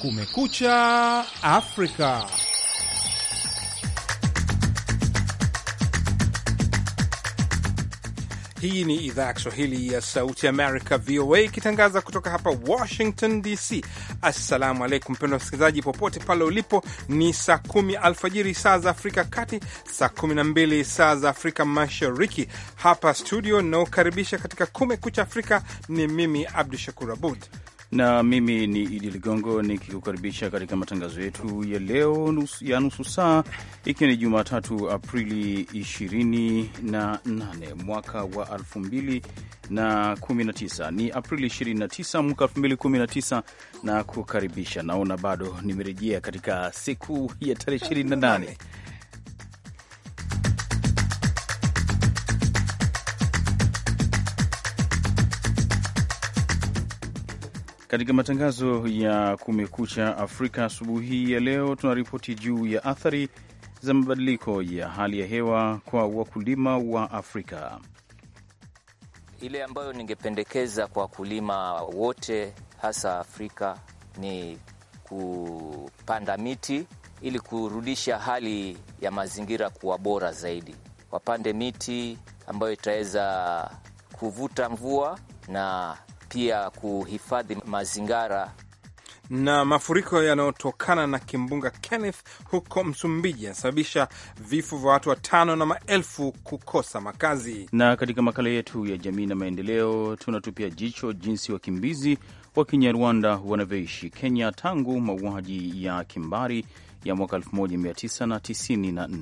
Kumekucha Afrika. Hii ni idhaa ya Kiswahili ya Sauti Amerika, VOA, ikitangaza kutoka hapa Washington DC. Assalamu alaikum, mpendwa msikilizaji, popote pale ulipo. Ni saa kumi alfajiri saa za Afrika Kati, saa kumi na mbili saa za Afrika Mashariki. Hapa studio naokaribisha katika Kumekucha Afrika ni mimi Abdu Shakur Abud na mimi ni Idi Ligongo nikikukaribisha katika matangazo yetu ya leo nusu, ya nusu saa ikiwa ni Jumatatu Aprili 28 mwaka wa 2019. Ni Aprili 29 mwaka 2019 na kukaribisha. Naona bado nimerejea katika siku ya tarehe 28 Katika matangazo ya Kumekucha Afrika asubuhi hii ya leo, tunaripoti juu ya athari za mabadiliko ya hali ya hewa kwa wakulima wa Afrika. Ile ambayo ningependekeza kwa wakulima wote, hasa Afrika, ni kupanda miti ili kurudisha hali ya mazingira kuwa bora zaidi. Wapande miti ambayo itaweza kuvuta mvua na pia kuhifadhi mazingira na mafuriko yanayotokana na kimbunga Kenneth huko Msumbiji yanasababisha vifo vya watu watano na maelfu kukosa makazi. Na katika makala yetu ya jamii na maendeleo, tunatupia jicho jinsi wakimbizi wa Kinyarwanda wanavyoishi Kenya tangu mauaji ya kimbari ya mwaka 1994.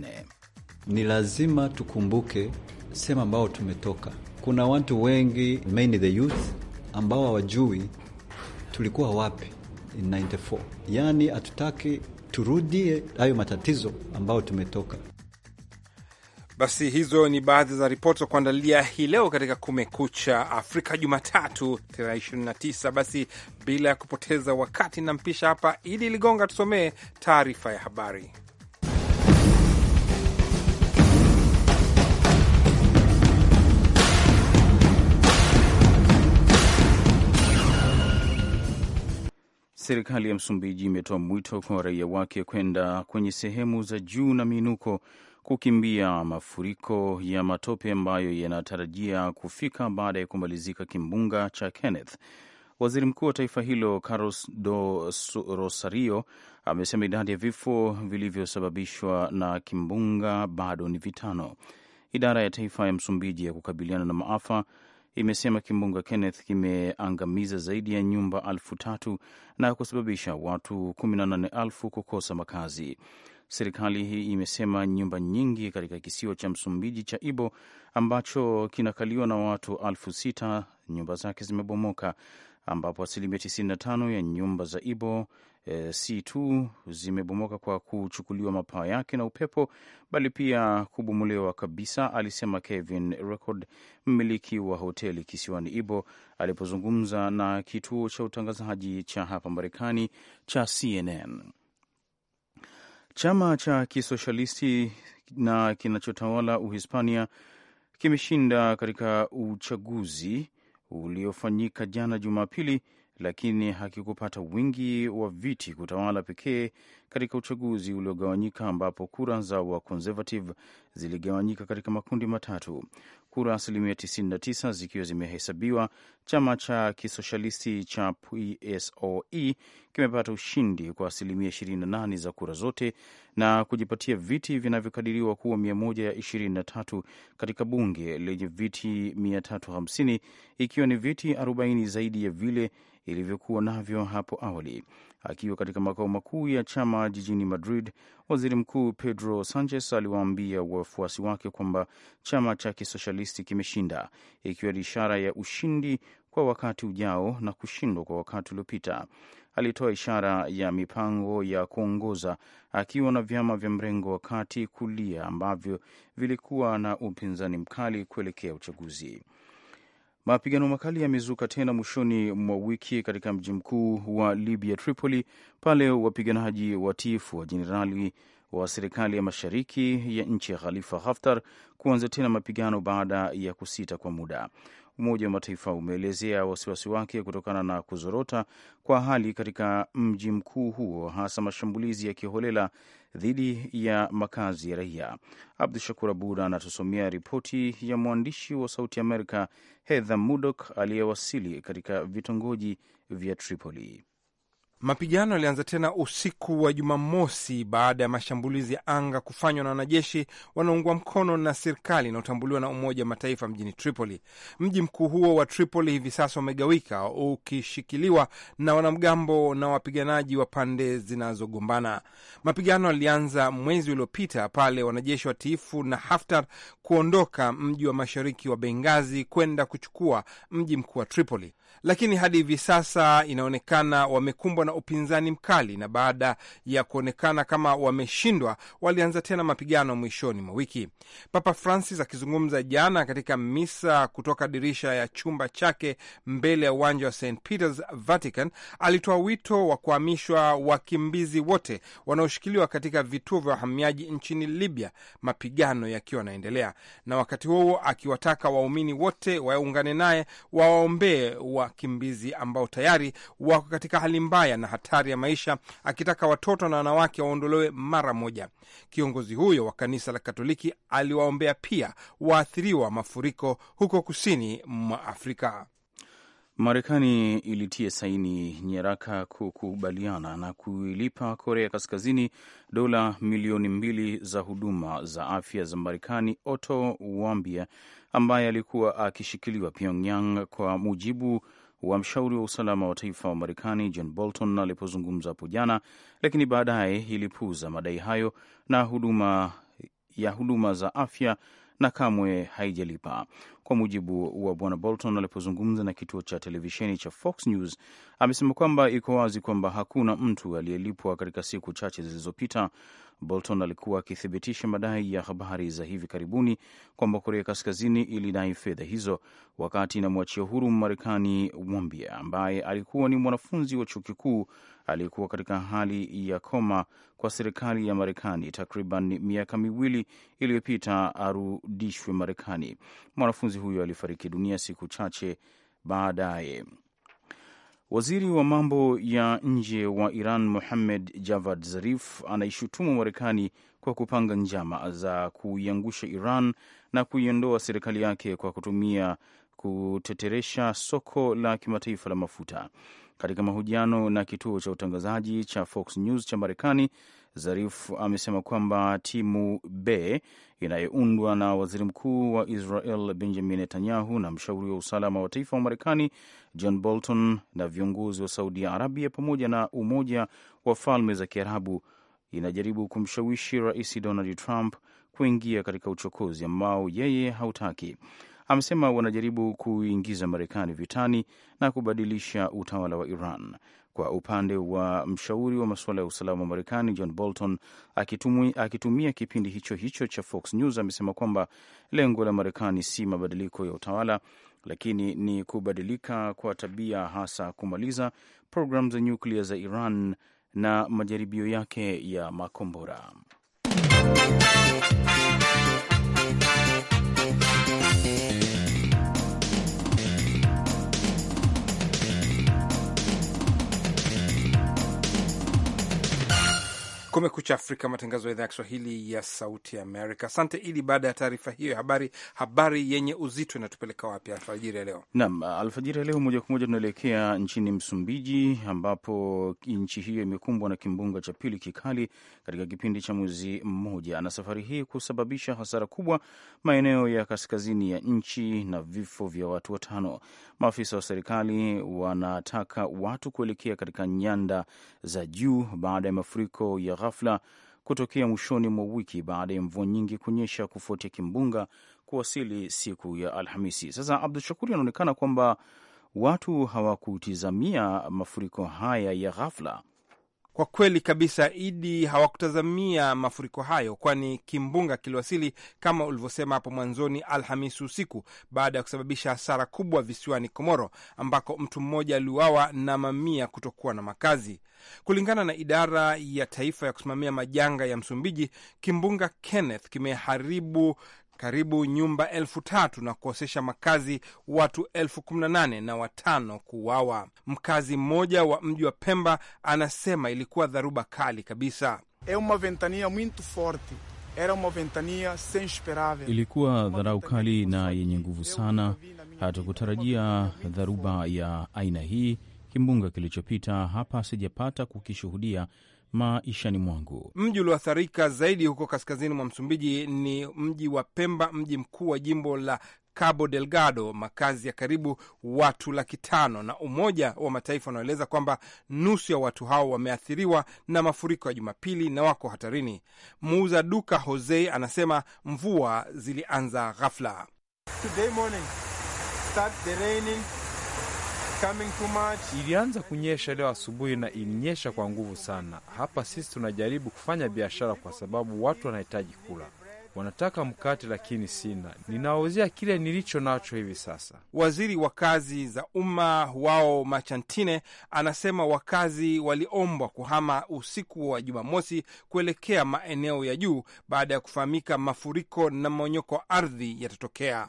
Ni lazima tukumbuke sehemu ambao tumetoka. Kuna watu wengi mainly the youth ambao hawajui tulikuwa wapi in 94. Yaani hatutaki turudie hayo matatizo ambayo tumetoka. Basi hizo ni baadhi za ripoti za kuandalia hii leo katika Kumekucha Afrika Jumatatu 29. Basi bila ya kupoteza wakati, nampisha hapa Idi Ligonga tusomee taarifa ya habari. Serikali ya Msumbiji imetoa mwito kwa raia wake kwenda kwenye sehemu za juu na miinuko kukimbia mafuriko ya matope ambayo yanatarajia kufika baada ya kumalizika kimbunga cha Kenneth. Waziri mkuu wa taifa hilo Carlos do Rosario amesema idadi ya vifo vilivyosababishwa na kimbunga bado ni vitano. Idara ya taifa ya Msumbiji ya kukabiliana na maafa imesema kimbunga Kenneth kimeangamiza zaidi ya nyumba elfu tatu na kusababisha watu 18,000 kukosa makazi. Serikali hii imesema nyumba nyingi katika kisiwa cha Msumbiji cha Ibo ambacho kinakaliwa na watu elfu sita nyumba zake zimebomoka ambapo asilimia 95 ya nyumba za Ibo e, si tu zimebomoka kwa kuchukuliwa mapaa yake na upepo, bali pia kubomolewa kabisa, alisema Kevin Record, mmiliki wa hoteli kisiwani Ibo, alipozungumza na kituo cha utangazaji cha hapa Marekani cha CNN. Chama cha kisoshalisti na kinachotawala Uhispania kimeshinda katika uchaguzi uliofanyika jana Jumapili lakini hakikupata wingi wa viti kutawala pekee katika uchaguzi uliogawanyika ambapo kura za waconservative ziligawanyika katika makundi matatu, kura asilimia 99 zikiwa zimehesabiwa. Chama cha kisoshalisti cha PSOE kimepata ushindi kwa asilimia 28 za kura zote na kujipatia viti vinavyokadiriwa kuwa 123 katika bunge lenye viti 350 ikiwa ni viti 40 zaidi ya vile ilivyokuwa navyo hapo awali. Akiwa katika makao makuu ya chama jijini Madrid, waziri mkuu Pedro Sanchez aliwaambia wafuasi wake kwamba chama cha kisoshalisti kimeshinda, ikiwa ni ishara ya ushindi kwa wakati ujao na kushindwa kwa wakati uliopita alitoa ishara ya mipango ya kuongoza akiwa na vyama vya mrengo wa kati kulia ambavyo vilikuwa na upinzani mkali kuelekea uchaguzi. Mapigano makali yamezuka tena mwishoni mwa wiki katika mji mkuu wa Libya, Tripoli, pale wapiganaji watiifu wa jenerali wa serikali ya mashariki ya nchi ya Khalifa Haftar kuanza tena mapigano baada ya kusita kwa muda. Umoja wa Mataifa umeelezea wasiwasi wake kutokana na kuzorota kwa hali katika mji mkuu huo, hasa mashambulizi ya kiholela dhidi ya makazi ya raia. Abdu Shakur Abud anatusomea ripoti ya mwandishi wa Sauti Amerika Hedha Mudok aliyewasili katika vitongoji vya Tripoli. Mapigano yalianza tena usiku wa Jumamosi baada ya mashambulizi ya anga kufanywa na wanajeshi wanaoungwa mkono na serikali inayotambuliwa na Umoja wa Mataifa mjini Tripoli. Mji mkuu huo wa Tripoli hivi sasa umegawika, ukishikiliwa na wanamgambo na wapiganaji wa pande zinazogombana. Mapigano yalianza mwezi uliopita pale wanajeshi watiifu na Haftar kuondoka mji wa mashariki wa Bengazi kwenda kuchukua mji mkuu wa Tripoli, lakini hadi hivi sasa inaonekana wamekumbwa na upinzani mkali, na baada ya kuonekana kama wameshindwa, walianza tena mapigano mwishoni mwa wiki. Papa Francis akizungumza jana katika misa kutoka dirisha ya chumba chake mbele ya uwanja wa St Peters, Vatican, alitoa wito wa kuhamishwa wakimbizi wote wanaoshikiliwa katika vituo vya wahamiaji nchini Libya, mapigano yakiwa yanaendelea na wakati huo akiwataka waumini wote waungane naye wawaombee wakimbizi ambao tayari wako katika hali mbaya na hatari ya maisha, akitaka watoto na wanawake waondolewe mara moja. Kiongozi huyo wa kanisa la Katoliki aliwaombea pia waathiriwa mafuriko huko kusini mwa Afrika. Marekani ilitia saini nyaraka kukubaliana na kuilipa Korea Kaskazini dola milioni mbili za huduma za afya za Marekani. Otto Wambia ambaye alikuwa akishikiliwa Pyongyang kwa mujibu wa mshauri wa usalama wa taifa wa Marekani John Bolton alipozungumza hapo jana, lakini baadaye ilipuuza madai hayo na huduma ya huduma za afya na kamwe haijalipa. Kwa mujibu wa Bwana Bolton alipozungumza na kituo cha televisheni cha Fox News, amesema kwamba iko wazi kwamba hakuna mtu aliyelipwa katika siku chache zilizopita Bolton alikuwa akithibitisha madai ya habari za hivi karibuni kwamba Korea Kaskazini ilidai fedha hizo wakati inamwachia huru Mmarekani Wambia ambaye alikuwa ni mwanafunzi wa chuo kikuu aliyekuwa katika hali ya koma kwa serikali ya Marekani takriban miaka miwili iliyopita arudishwe Marekani. Mwanafunzi huyo alifariki dunia siku chache baadaye. Waziri wa mambo ya nje wa Iran muhammed Javad Zarif anaishutumu Marekani kwa kupanga njama za kuiangusha Iran na kuiondoa serikali yake kwa kutumia kuteteresha soko la kimataifa la mafuta. Katika mahojiano na kituo cha utangazaji cha Fox News cha Marekani, Zarif amesema kwamba timu B inayoundwa na waziri mkuu wa Israel Benjamin Netanyahu na mshauri wa usalama wa taifa wa Marekani John Bolton na viongozi wa Saudi Arabia pamoja na Umoja wa Falme za Kiarabu inajaribu kumshawishi Rais Donald Trump kuingia katika uchokozi ambao yeye hautaki. Amesema wanajaribu kuingiza Marekani vitani na kubadilisha utawala wa Iran kwa upande wa mshauri wa masuala ya usalama wa Marekani John Bolton akitumia, akitumia kipindi hicho hicho cha Fox News amesema kwamba lengo la Marekani si mabadiliko ya utawala, lakini ni kubadilika kwa tabia, hasa kumaliza programu za nyuklia za Iran na majaribio yake ya makombora. Kumekucha Afrika, matangazo ya idhaa ya Kiswahili ya Sauti ya Amerika. Asante Idi. Baada ya taarifa hiyo ya habari, habari yenye uzito inatupeleka wapi alfajiri ya leo? Naam, alfajiri ya leo moja kwa moja tunaelekea nchini Msumbiji, ambapo nchi hiyo imekumbwa na kimbunga cha pili kikali katika kipindi cha mwezi mmoja, na safari hii kusababisha hasara kubwa maeneo ya kaskazini ya nchi na vifo vya watu watano. Maafisa wa serikali wanataka watu kuelekea katika nyanda za juu baada ya mafuriko ya ghafla kutokea mwishoni mwa wiki baada ya mvua nyingi kunyesha kufuatia kimbunga kuwasili siku ya Alhamisi. Sasa Abdu Shakuri, anaonekana kwamba watu hawakutizamia mafuriko haya ya ghafla kwa kweli kabisa, Idi, hawakutazamia mafuriko hayo, kwani kimbunga kiliwasili kama ulivyosema hapo mwanzoni, Alhamisi usiku baada ya kusababisha hasara kubwa visiwani Komoro, ambako mtu mmoja aliuawa na mamia kutokuwa na makazi. Kulingana na idara ya taifa ya kusimamia majanga ya Msumbiji, kimbunga Kenneth kimeharibu karibu nyumba elfu tatu na kuosesha makazi watu elfu kumi na nane na watano kuuawa. Mkazi mmoja wa mji wa Pemba anasema ilikuwa dharuba kali kabisa. E uma ventania muito forte era uma ventania sem Ilikuwa dharau kali na yenye nguvu sana, hatukutarajia dharuba ya aina hii. Kimbunga kilichopita hapa sijapata kukishuhudia maishani mwangu. Mji ulioathirika zaidi huko kaskazini mwa Msumbiji ni mji wa Pemba, mji mkuu wa jimbo la Cabo Delgado, makazi ya karibu watu laki tano, na Umoja wa Mataifa unaoeleza kwamba nusu ya watu hao wameathiriwa na mafuriko ya Jumapili na wako hatarini. Muuza duka Jose anasema mvua zilianza ghafla Today morning, Ilianza kunyesha leo asubuhi na ilinyesha kwa nguvu sana. Hapa sisi tunajaribu kufanya biashara kwa sababu watu wanahitaji kula wanataka mkate, lakini sina, ninawauzia kile nilicho nacho hivi sasa. Waziri wa kazi za umma wao Machantine anasema wakazi waliombwa kuhama usiku wa Jumamosi kuelekea maeneo ya juu baada ya kufahamika mafuriko na maonyoko wa ardhi yatatokea.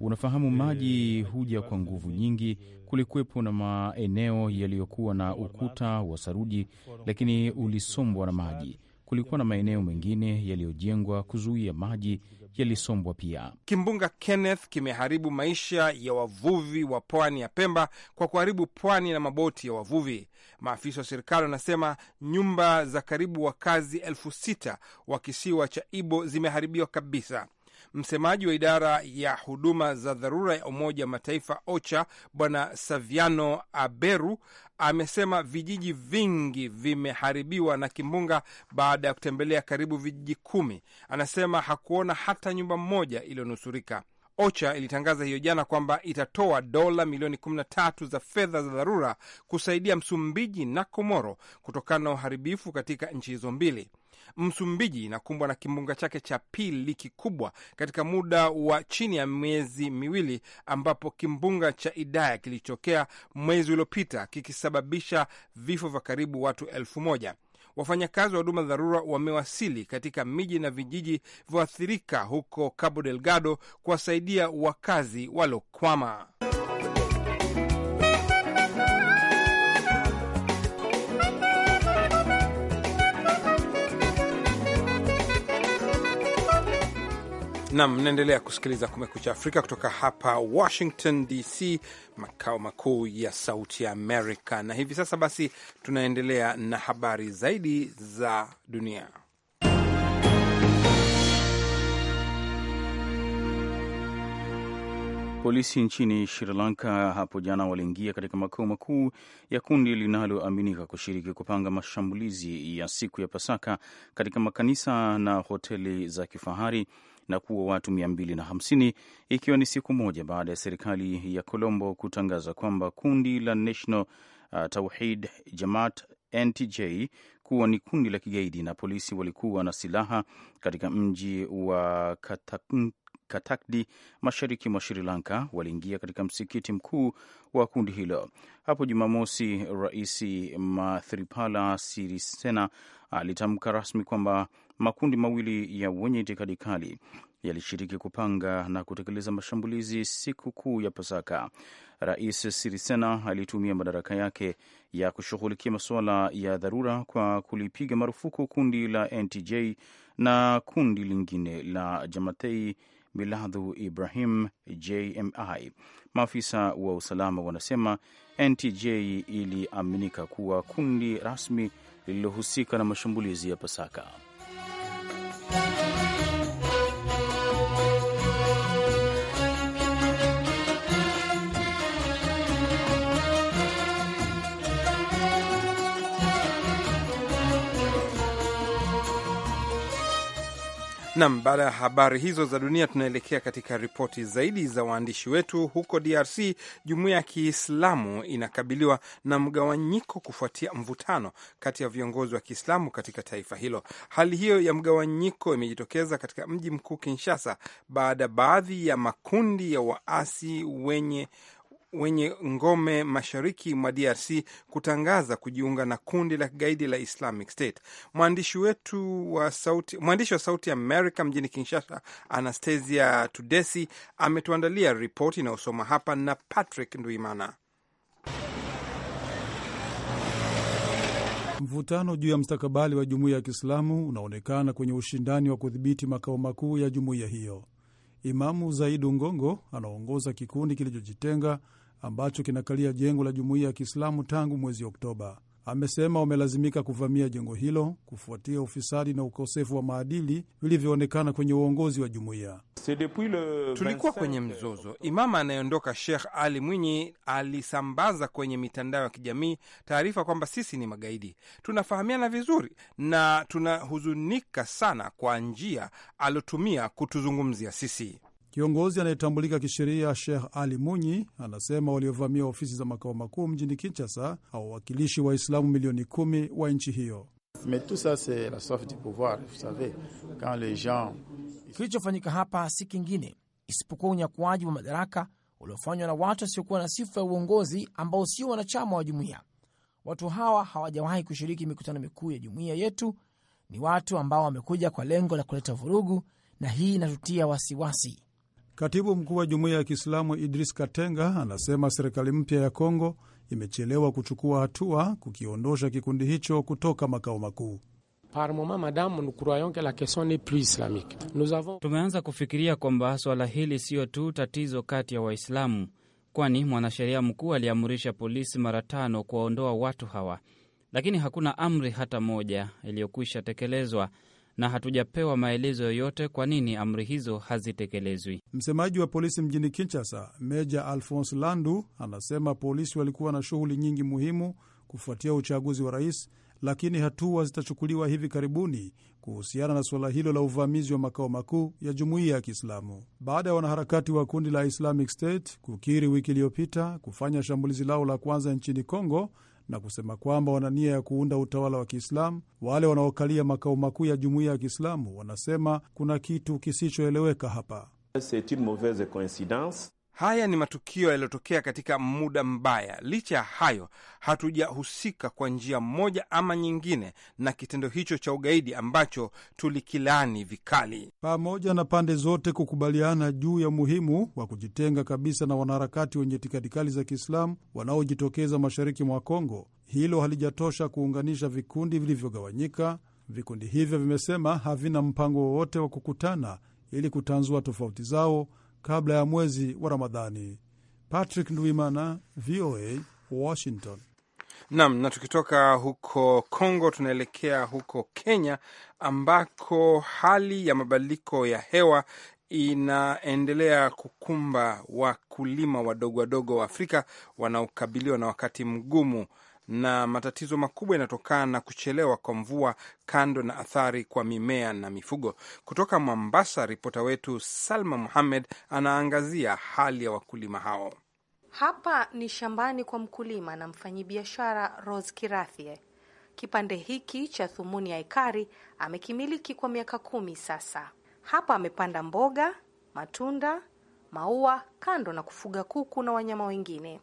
Unafahamu, maji huja kwa nguvu nyingi. Kulikuwepo na maeneo yaliyokuwa na ukuta wa saruji, lakini ulisombwa na maji kulikuwa na maeneo mengine yaliyojengwa kuzuia maji yalisombwa pia. Kimbunga Kenneth kimeharibu maisha ya wavuvi wa pwani ya Pemba kwa kuharibu pwani na maboti ya wavuvi. Maafisa wa serikali wanasema nyumba za karibu wakazi elfu sita wa kisiwa cha Ibo zimeharibiwa kabisa. Msemaji wa idara ya huduma za dharura ya Umoja wa Mataifa OCHA Bwana Saviano Aberu amesema vijiji vingi vimeharibiwa na kimbunga baada ya kutembelea karibu vijiji kumi. Anasema hakuona hata nyumba moja iliyonusurika. OCHA ilitangaza hiyo jana kwamba itatoa dola milioni 13 za fedha za dharura kusaidia Msumbiji na Komoro kutokana na uharibifu katika nchi hizo mbili. Msumbiji inakumbwa na kimbunga chake cha pili kikubwa katika muda wa chini ya miezi miwili, ambapo kimbunga cha Idaya kilichotokea mwezi uliopita kikisababisha vifo vya karibu watu elfu moja. Wafanyakazi wa huduma dharura wamewasili katika miji na vijiji vyoathirika huko Cabo Delgado kuwasaidia wakazi waliokwama. Nam, mnaendelea kusikiliza Kumekucha Afrika kutoka hapa Washington DC, makao makuu ya Sauti ya Amerika. Na hivi sasa basi, tunaendelea na habari zaidi za dunia. Polisi nchini Sri Lanka hapo jana waliingia katika makao makuu ya kundi linaloaminika kushiriki kupanga mashambulizi ya siku ya Pasaka katika makanisa na hoteli za kifahari na kuwa watu 250 ikiwa ni siku moja baada ya serikali ya Colombo kutangaza kwamba kundi la National uh, Tawhid Jamaat NTJ kuwa ni kundi la kigaidi na polisi walikuwa na silaha katika mji wa Katakdi mashariki mwa Sri Lanka waliingia katika msikiti mkuu wa kundi hilo hapo Jumamosi. Rais Mathripala Sirisena alitamka rasmi kwamba makundi mawili ya wenye itikadi kali yalishiriki kupanga na kutekeleza mashambulizi siku kuu ya Pasaka. Rais Sirisena alitumia madaraka yake ya kushughulikia masuala ya dharura kwa kulipiga marufuku kundi la NTJ na kundi lingine la Jamatei Miladhu Ibrahim JMI. Maafisa wa usalama wanasema NTJ iliaminika kuwa kundi rasmi lililohusika na mashambulizi ya Pasaka. Nam, baada ya habari hizo za dunia, tunaelekea katika ripoti zaidi za waandishi wetu. Huko DRC, jumuiya ya Kiislamu inakabiliwa na mgawanyiko kufuatia mvutano kati ya viongozi wa Kiislamu katika taifa hilo. Hali hiyo ya mgawanyiko imejitokeza katika mji mkuu Kinshasa baada ya baadhi ya makundi ya waasi wenye wenye ngome mashariki mwa DRC kutangaza kujiunga na kundi la kigaidi la Islamic State. Mwandishi wetu wa sauti, mwandishi wa Sauti Amerika mjini Kinshasa, Anastasia Tudesi ametuandalia ripoti inayosoma hapa na Patrick Nduimana. Mvutano juu ya mstakabali wa jumuiya ya Kiislamu unaonekana kwenye ushindani wa kudhibiti makao makuu ya jumuiya hiyo. Imamu Zaidu Ngongo anaongoza kikundi kilichojitenga ambacho kinakalia jengo la jumuiya ya Kiislamu tangu mwezi Oktoba. Amesema wamelazimika kuvamia jengo hilo kufuatia ufisadi na ukosefu wa maadili vilivyoonekana kwenye uongozi wa jumuiya. Tulikuwa kwenye mzozo. Imama anayeondoka Sheikh Ali Mwinyi alisambaza kwenye mitandao ya kijamii taarifa kwamba sisi ni magaidi. Tunafahamiana vizuri na tunahuzunika sana kwa njia aliotumia kutuzungumzia sisi. Kiongozi anayetambulika kisheria Sheikh Ali Munyi anasema waliovamia ofisi za makao makuu mjini Kinshasa hawawakilishi Waislamu milioni kumi wa nchi hiyo. Kilichofanyika hapa si kingine isipokuwa unyakuaji wa madaraka uliofanywa na watu wasiokuwa na sifa ya uongozi ambao sio wanachama wa jumuiya. Watu hawa hawajawahi kushiriki mikutano mikuu ya jumuiya yetu. Ni watu ambao wamekuja kwa lengo la kuleta vurugu, na hii inatutia wasiwasi. Katibu mkuu wa jumuiya ya Kiislamu Idris Katenga anasema serikali mpya ya Kongo imechelewa kuchukua hatua kukiondosha kikundi hicho kutoka makao makuu. Tumeanza kufikiria kwamba swala hili siyo tu tatizo kati ya Waislamu, kwani mwanasheria mkuu aliamrisha polisi mara tano kuwaondoa watu hawa, lakini hakuna amri hata moja iliyokwisha tekelezwa na hatujapewa maelezo yoyote kwa nini amri hizo hazitekelezwi. Msemaji wa polisi mjini Kinshasa, Meja Alphonse Landu, anasema polisi walikuwa na shughuli nyingi muhimu kufuatia uchaguzi wa rais, lakini hatua zitachukuliwa hivi karibuni kuhusiana na suala hilo la uvamizi wa makao makuu ya jumuiya ya Kiislamu baada ya wanaharakati wa kundi la Islamic State kukiri wiki iliyopita kufanya shambulizi lao la kwanza nchini congo na kusema kwamba wana nia ya kuunda utawala wa Kiislamu. Wale wanaokalia makao makuu ya jumuiya ya Kiislamu wanasema kuna kitu kisichoeleweka hapa. C'est une mauvaise coincidence Haya ni matukio yaliyotokea katika muda mbaya. Licha ya hayo, hatujahusika kwa njia moja ama nyingine na kitendo hicho cha ugaidi ambacho tulikilani vikali, pamoja na pande zote kukubaliana juu ya umuhimu wa kujitenga kabisa na wanaharakati wenye itikadi kali za Kiislamu wanaojitokeza mashariki mwa Kongo. Hilo halijatosha kuunganisha vikundi vilivyogawanyika. Vikundi hivyo vimesema havina mpango wowote wa kukutana ili kutanzua tofauti zao kabla ya mwezi wa Ramadhani. Patrick Ndwimana, VOA, Washington. Nam, na tukitoka huko congo tunaelekea huko Kenya ambako hali ya mabadiliko ya hewa inaendelea kukumba wakulima wadogo wadogo wa Afrika wanaokabiliwa na wakati mgumu na matatizo makubwa yanatokana na kuchelewa kwa mvua, kando na athari kwa mimea na mifugo. Kutoka Mombasa, ripota wetu Salma Muhammed anaangazia hali ya wakulima hao. Hapa ni shambani kwa mkulima na mfanyibiashara Rose Kirathie. Kipande hiki cha thumuni ya ekari amekimiliki kwa miaka kumi sasa. Hapa amepanda mboga, matunda, maua, kando na kufuga kuku na wanyama wengine.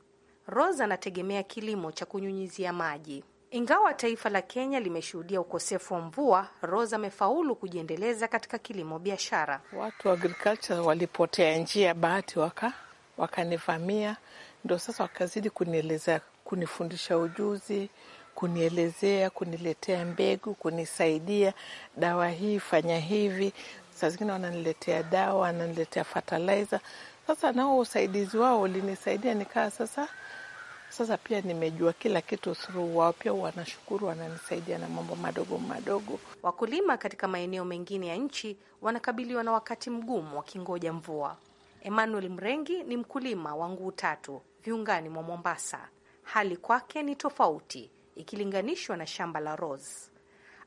Rose anategemea kilimo cha kunyunyizia maji. Ingawa taifa la Kenya limeshuhudia ukosefu wa mvua, Rose amefaulu kujiendeleza katika kilimo biashara. Watu wa agriculture walipotea njia, bahati waka wakanivamia, ndio sasa wakazidi kunielezea, kunifundisha ujuzi, kunielezea, kuniletea mbegu, kunisaidia, dawa hii, fanya hivi. Saa zingine wananiletea dawa, wananiletea fertilizer. Sasa nao usaidizi wao ulinisaidia, nikaa sasa sasa pia nimejua kila kitu through wao. Pia wanashukuru, wananisaidia na mambo madogo madogo. Wakulima katika maeneo mengine ya nchi wanakabiliwa na wakati mgumu wakingoja mvua. Emmanuel Mrengi ni mkulima wa Nguu Tatu viungani mwa Mombasa. Hali kwake ni tofauti ikilinganishwa na shamba la Rose.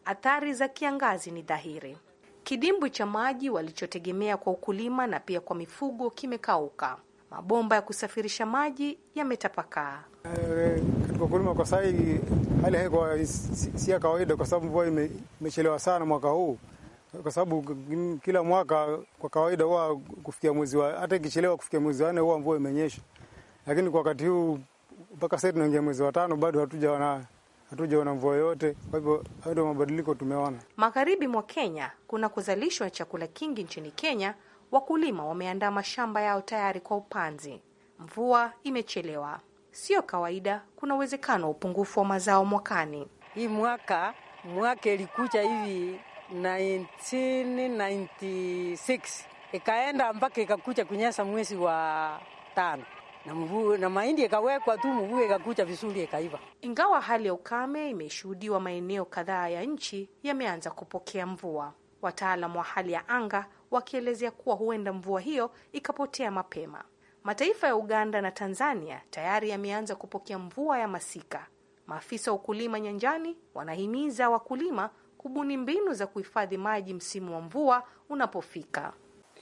Athari za kiangazi ni dhahiri. Kidimbwi cha maji walichotegemea kwa ukulima na pia kwa mifugo kimekauka. Mabomba ya kusafirisha maji yametapakaa. Eh, katika kulima kwa sasa hali haiko si ya kawaida, kwa sababu mvua imechelewa sana mwaka huu, kwa sababu kila mwaka kwa kawaida huwa kufikia mwezi wa hata ikichelewa kufikia mwezi wa nne huwa mvua imenyesha, lakini kwa wakati huu mpaka sasa tunaingia mwezi wa tano bado hatujaona hatujaona mvua yoyote. Kwa hivyo hayo ndio mabadiliko tumeona. Magharibi mwa Kenya kuna kuzalishwa chakula kingi nchini Kenya. Wakulima wameandaa mashamba yao tayari kwa upanzi. Mvua imechelewa sio kawaida, kuna uwezekano wa upungufu wa mazao mwakani. Hii mwaka mwaka ilikuja hivi 1996 ikaenda mpaka ikakuja kunyasa mwezi wa tano na, mvu, na mahindi ikawekwa tu mvua ikakucha vizuri ikaiva. Ingawa hali ya ukame imeshuhudiwa, maeneo kadhaa ya nchi yameanza kupokea mvua, wataalamu wa hali ya anga wakielezea kuwa huenda mvua hiyo ikapotea mapema. Mataifa ya Uganda na Tanzania tayari yameanza kupokea mvua ya masika. Maafisa wa ukulima nyanjani wanahimiza wakulima kubuni mbinu za kuhifadhi maji msimu wa mvua unapofika.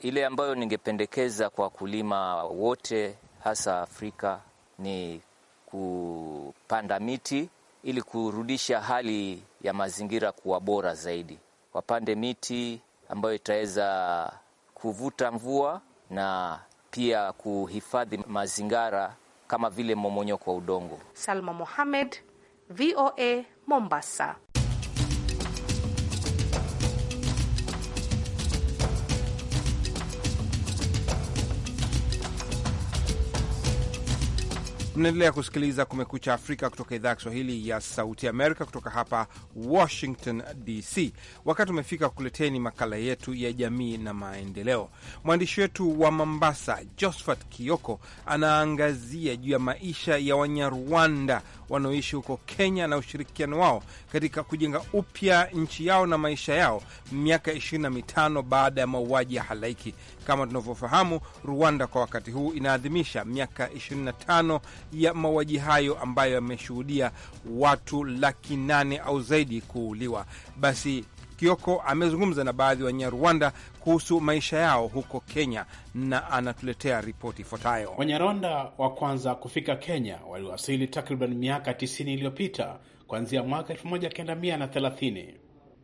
Ile ambayo ningependekeza kwa wakulima wote, hasa Afrika, ni kupanda miti ili kurudisha hali ya mazingira kuwa bora zaidi. Wapande miti ambayo itaweza kuvuta mvua na pia kuhifadhi mazingira kama vile mmomonyoko wa udongo. Salma Mohamed, VOA Mombasa. Mnaendelea kusikiliza Kumekucha Afrika kutoka idhaa ya Kiswahili ya Sauti Amerika kutoka hapa Washington DC. Wakati umefika kuleteni makala yetu ya jamii na maendeleo. Mwandishi wetu wa Mombasa, Josphat Kioko, anaangazia juu ya maisha ya Wanyarwanda wanaoishi huko Kenya na ushirikiano wao katika kujenga upya nchi yao na maisha yao miaka 25 baada ya mauaji ya halaiki. Kama tunavyofahamu, Rwanda kwa wakati huu inaadhimisha miaka 25 ya mauaji hayo ambayo yameshuhudia watu laki nane au zaidi kuuliwa. Basi Kioko amezungumza na baadhi ya nyarwanda kuhusu maisha yao huko Kenya na anatuletea ripoti ifuatayo. Wanyarwanda wa kwanza kufika Kenya waliwasili takriban miaka 90 iliyopita kuanzia mwaka 1930.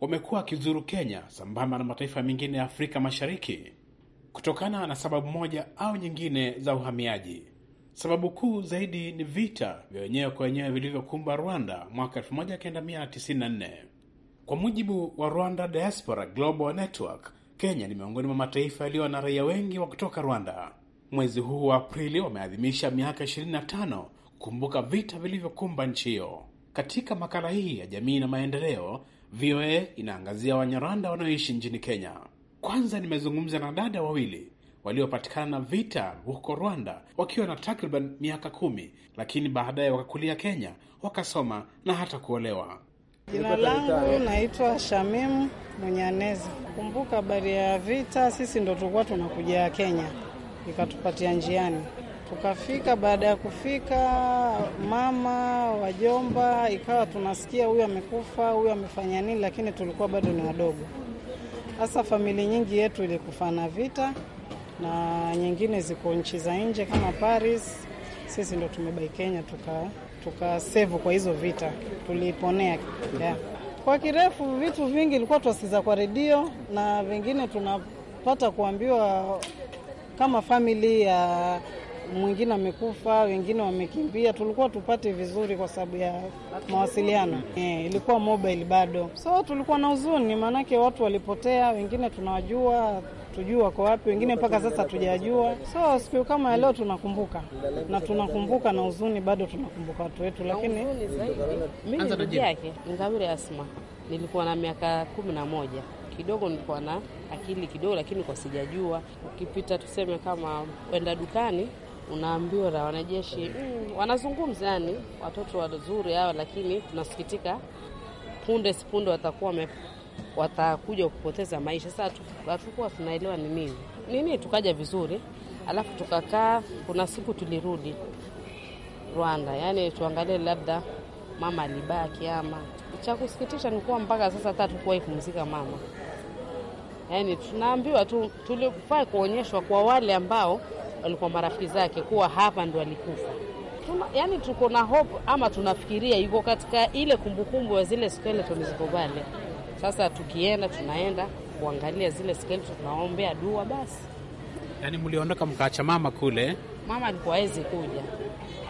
Wamekuwa wakizuru Kenya sambamba na mataifa mengine ya Afrika Mashariki kutokana na sababu moja au nyingine za uhamiaji. Sababu kuu zaidi ni vita vya wenyewe kwa wenyewe vilivyokumba Rwanda mwaka 1994. Kwa mujibu wa Rwanda Diaspora Global Network, Kenya ni miongoni mwa mataifa yaliyo na raia wengi wa kutoka Rwanda. Mwezi huu wa Aprili wameadhimisha miaka 25 kukumbuka vita vilivyokumba nchi hiyo. Katika makala hii ya jamii na maendeleo, VOA inaangazia Wanyarwanda wanaoishi nchini Kenya. Kwanza nimezungumza na dada wawili waliopatikana na vita huko Rwanda wakiwa na takriban miaka kumi, lakini baadaye wakakulia Kenya, wakasoma na hata kuolewa. Jina langu naitwa shamim Munyanezi. Kumbuka habari ya vita, sisi ndo tulikuwa tunakuja Kenya, ikatupatia njiani tukafika. Baada ya kufika, mama wajomba, ikawa tunasikia huyu amekufa, huyu amefanya nini, lakini tulikuwa bado ni wadogo. Sasa famili nyingi yetu ilikufa na vita, na nyingine ziko nchi za nje kama Paris. Sisi ndo tumebaki Kenya tukaa tukasevu kwa hizo vita tuliponea yeah. Kwa kirefu vitu vingi ilikuwa tunasikiza kwa redio na vingine tunapata kuambiwa kama famili ya mwingine amekufa, wengine wamekimbia. Tulikuwa tupate vizuri kwa sababu ya mawasiliano yeah, ilikuwa mobile bado, so tulikuwa na huzuni, maanake watu walipotea, wengine tunawajua hatujui wako wapi, wengine mpaka sasa hatujajua. So siku kama ya leo tunakumbuka na tunakumbuka na huzuni, bado tunakumbuka watu wetu, lakini mimi ndugu yake Ngabire Asma nilikuwa na miaka kumi na moja kidogo nilikuwa na akili kidogo, lakini kwa sijajua. Ukipita tuseme kama kwenda dukani, unaambiwa na wanajeshi mm, wanazungumza yani watoto wazuri hawa, lakini tunasikitika punde sipunde watakuwa watakuja kupoteza maisha. Sasa hatukuwa tunaelewa ni nini nini, tukaja vizuri, alafu tukakaa. Kuna siku tulirudi Rwanda, yani tuangalie labda mama alibaki ama. Cha kusikitisha ni kuwa mpaka sasa hata tukuwahi kumzika mama, yani tunaambiwa tu, tulifaa kuonyeshwa kwa wale ambao walikuwa marafiki zake kuwa hapa ndo alikufa. yani tuko na hope ama tunafikiria yuko katika ile kumbukumbu ya zile skeleton ziko pale. Sasa tukienda tunaenda kuangalia zile skeleton, tunaombea dua basi. Yaani mliondoka mkaacha mama kule? Mama alikuwa hawezi kuja,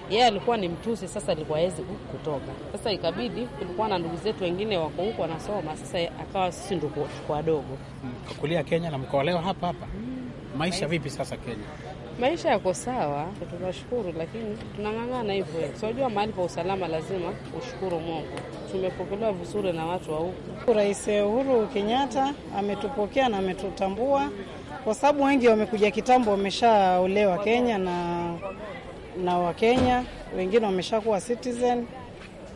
yeye alikuwa ni mtusi, sasa alikuwa hawezi kutoka. Sasa ikabidi kulikuwa na ndugu zetu wengine wako huko wanasoma, sasa akawa sisi ndio wadogo. Mkakulia hmm, Kenya na mkaolewa hapa hapa. Hmm. Maisha vipi sasa Kenya? Maisha yako sawa, tunashukuru, lakini tunang'ang'ana hivyo. Unajua mahali pa usalama lazima ushukuru Mungu. Tumepokelewa vizuri na watu wa huku. Rais Uhuru Kenyatta ametupokea na ametutambua, kwa sababu wengi wamekuja kitambo, wameshaolewa Kenya na na Wakenya wengine wameshakuwa citizen.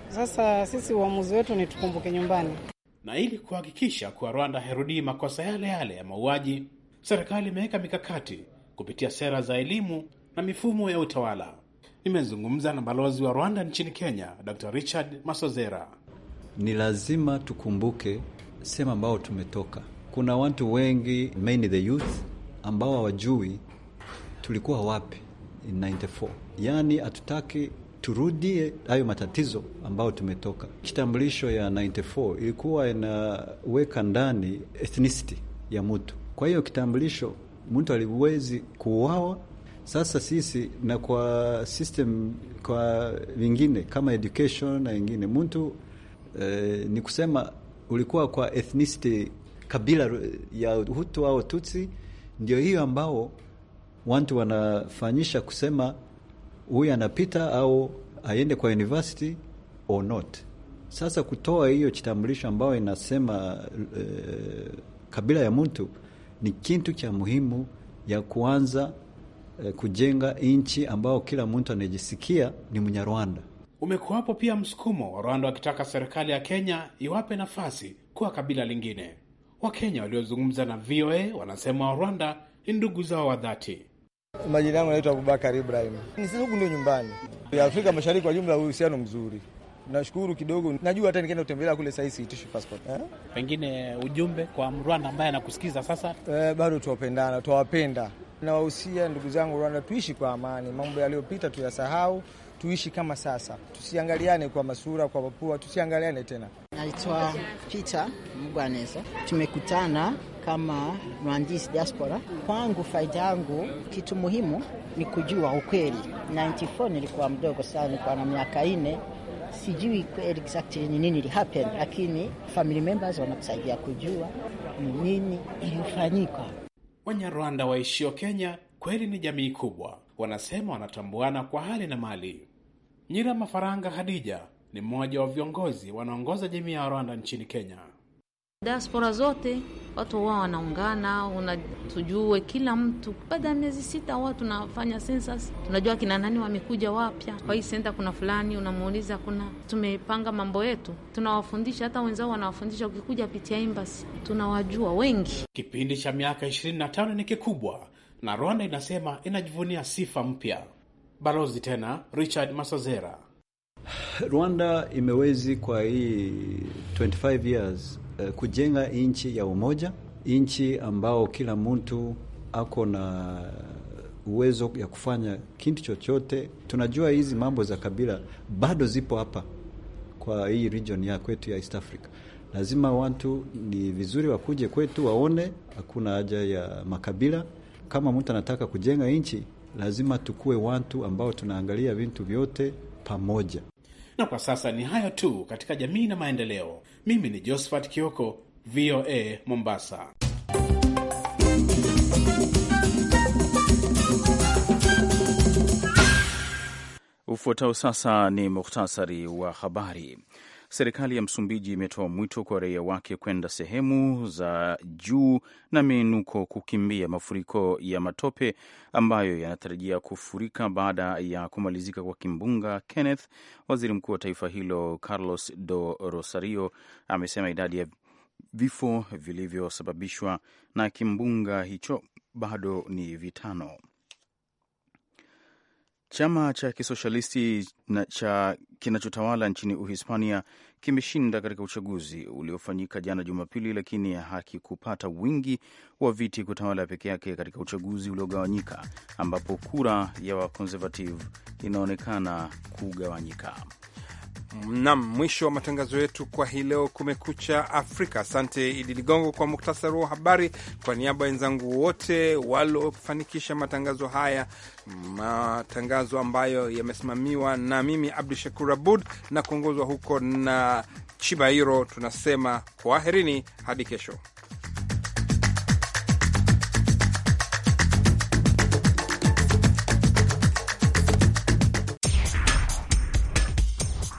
Sasa sisi uamuzi wetu ni tukumbuke nyumbani, na ili kuhakikisha kuwa Rwanda hairudii makosa yale yale ya mauaji, serikali imeweka mikakati kupitia sera za elimu na mifumo ya utawala. Nimezungumza na balozi wa Rwanda nchini Kenya, Dr Richard Masozera. Ni lazima tukumbuke sehemu ambao tumetoka. Kuna watu wengi, mainly the youth, ambao hawajui tulikuwa wapi in 94. Yaani hatutaki turudie hayo matatizo ambayo tumetoka. Kitambulisho ya 94 ilikuwa inaweka ndani ethnicity ya mtu, kwa hiyo kitambulisho mtu aliwezi kuuawa. Sasa sisi na kwa system kwa vingine kama education na wengine mtu eh, ni kusema ulikuwa kwa ethnicity kabila ya Hutu au Tutsi, ndio hiyo ambao watu wanafanyisha kusema huyu anapita au aende kwa university or not. Sasa kutoa hiyo kitambulisho ambayo inasema eh, kabila ya mtu ni kitu cha muhimu ya kuanza eh, kujenga nchi ambayo kila mtu anajisikia ni Mnyarwanda. Umekuwapo pia msukumo wa Rwanda wakitaka serikali ya Kenya iwape nafasi kuwa kabila lingine. Wakenya waliozungumza na VOA wanasema wa rwanda ni ndugu zao wa dhati. Majina yangu naitwa Abubakar Ibrahim. Ni sisi, huku ndio nyumbani. Afrika Mashariki kwa jumla, uhusiano mzuri nashukuru kidogo, najua hata nikienda kutembelea kule sahii siitishi passport eh? Pengine ujumbe kwa Mrwanda ambaye anakusikiza sasa. Eh, bado tuwapendana, tuwapenda. Nawahusia ndugu zangu Rwanda, tuishi kwa amani, mambo yaliyopita tuyasahau, tuishi kama sasa, tusiangaliane kwa masura, kwa mapua, tusiangaliane tena. Naitwa Peter Mugwaneza, tumekutana kama Rwandese diaspora. Kwangu faida yangu, kitu muhimu ni kujua ukweli. 94 nilikuwa mdogo sana, nilikuwa na miaka nne sijui exactly ni nini happen, lakini family members wanakusaidia kujua ni nini iliyofanyika. Wanyarwanda waishio Kenya kweli ni jamii kubwa, wanasema wanatambuana kwa hali na mali. Nyira Mafaranga Hadija ni mmoja wa viongozi wanaongoza jamii ya Rwanda nchini Kenya. Diaspora zote watu wao wanaungana, unatujue kila mtu. Baada ya miezi sita wao tunafanya census, tunajua kina nani wamekuja wapya. Kwa hii senta kuna fulani, unamuuliza kuna, tumepanga mambo yetu, tunawafundisha hata wenzao wanawafundisha, ukikuja pitia embassy, tunawajua wengi. Kipindi cha miaka 25 ni kikubwa, na Rwanda inasema inajivunia sifa mpya. Balozi tena Richard Masozera, Rwanda imewezi kwa hii 25 years Eh, kujenga nchi ya umoja, nchi ambao kila mtu ako na uwezo ya kufanya kitu chochote. Tunajua hizi mambo za kabila bado zipo hapa kwa hii region ya kwetu ya East Africa. Lazima watu ni vizuri wakuje kwetu waone hakuna haja ya makabila. Kama mtu anataka kujenga nchi, lazima tukue watu ambao tunaangalia vitu vyote pamoja. Na kwa sasa ni hayo tu katika jamii na maendeleo. Mimi ni Josephat Kioko, VOA Mombasa. Ufuatao sasa ni muhtasari wa habari. Serikali ya Msumbiji imetoa mwito kwa raia wake kwenda sehemu za juu na miinuko kukimbia mafuriko ya matope ambayo yanatarajia kufurika baada ya kumalizika kwa kimbunga Kenneth. Waziri mkuu wa taifa hilo Carlos do Rosario amesema idadi ya vifo vilivyosababishwa na kimbunga hicho bado ni vitano. Chama cha kisoshalisti na cha kinachotawala nchini Uhispania kimeshinda katika uchaguzi uliofanyika jana Jumapili, lakini hakikupata wingi wa viti kutawala peke yake katika uchaguzi uliogawanyika, ambapo kura ya wakonservative inaonekana kugawanyika. Nam, mwisho wa matangazo yetu kwa hii leo, Kumekucha Afrika. Asante Idi Ligongo kwa muktasari wa habari. Kwa niaba ya wenzangu wote waliofanikisha matangazo haya, matangazo ambayo yamesimamiwa na mimi Abdu Shakur Abud na kuongozwa huko na Chibairo, tunasema kwaherini hadi kesho.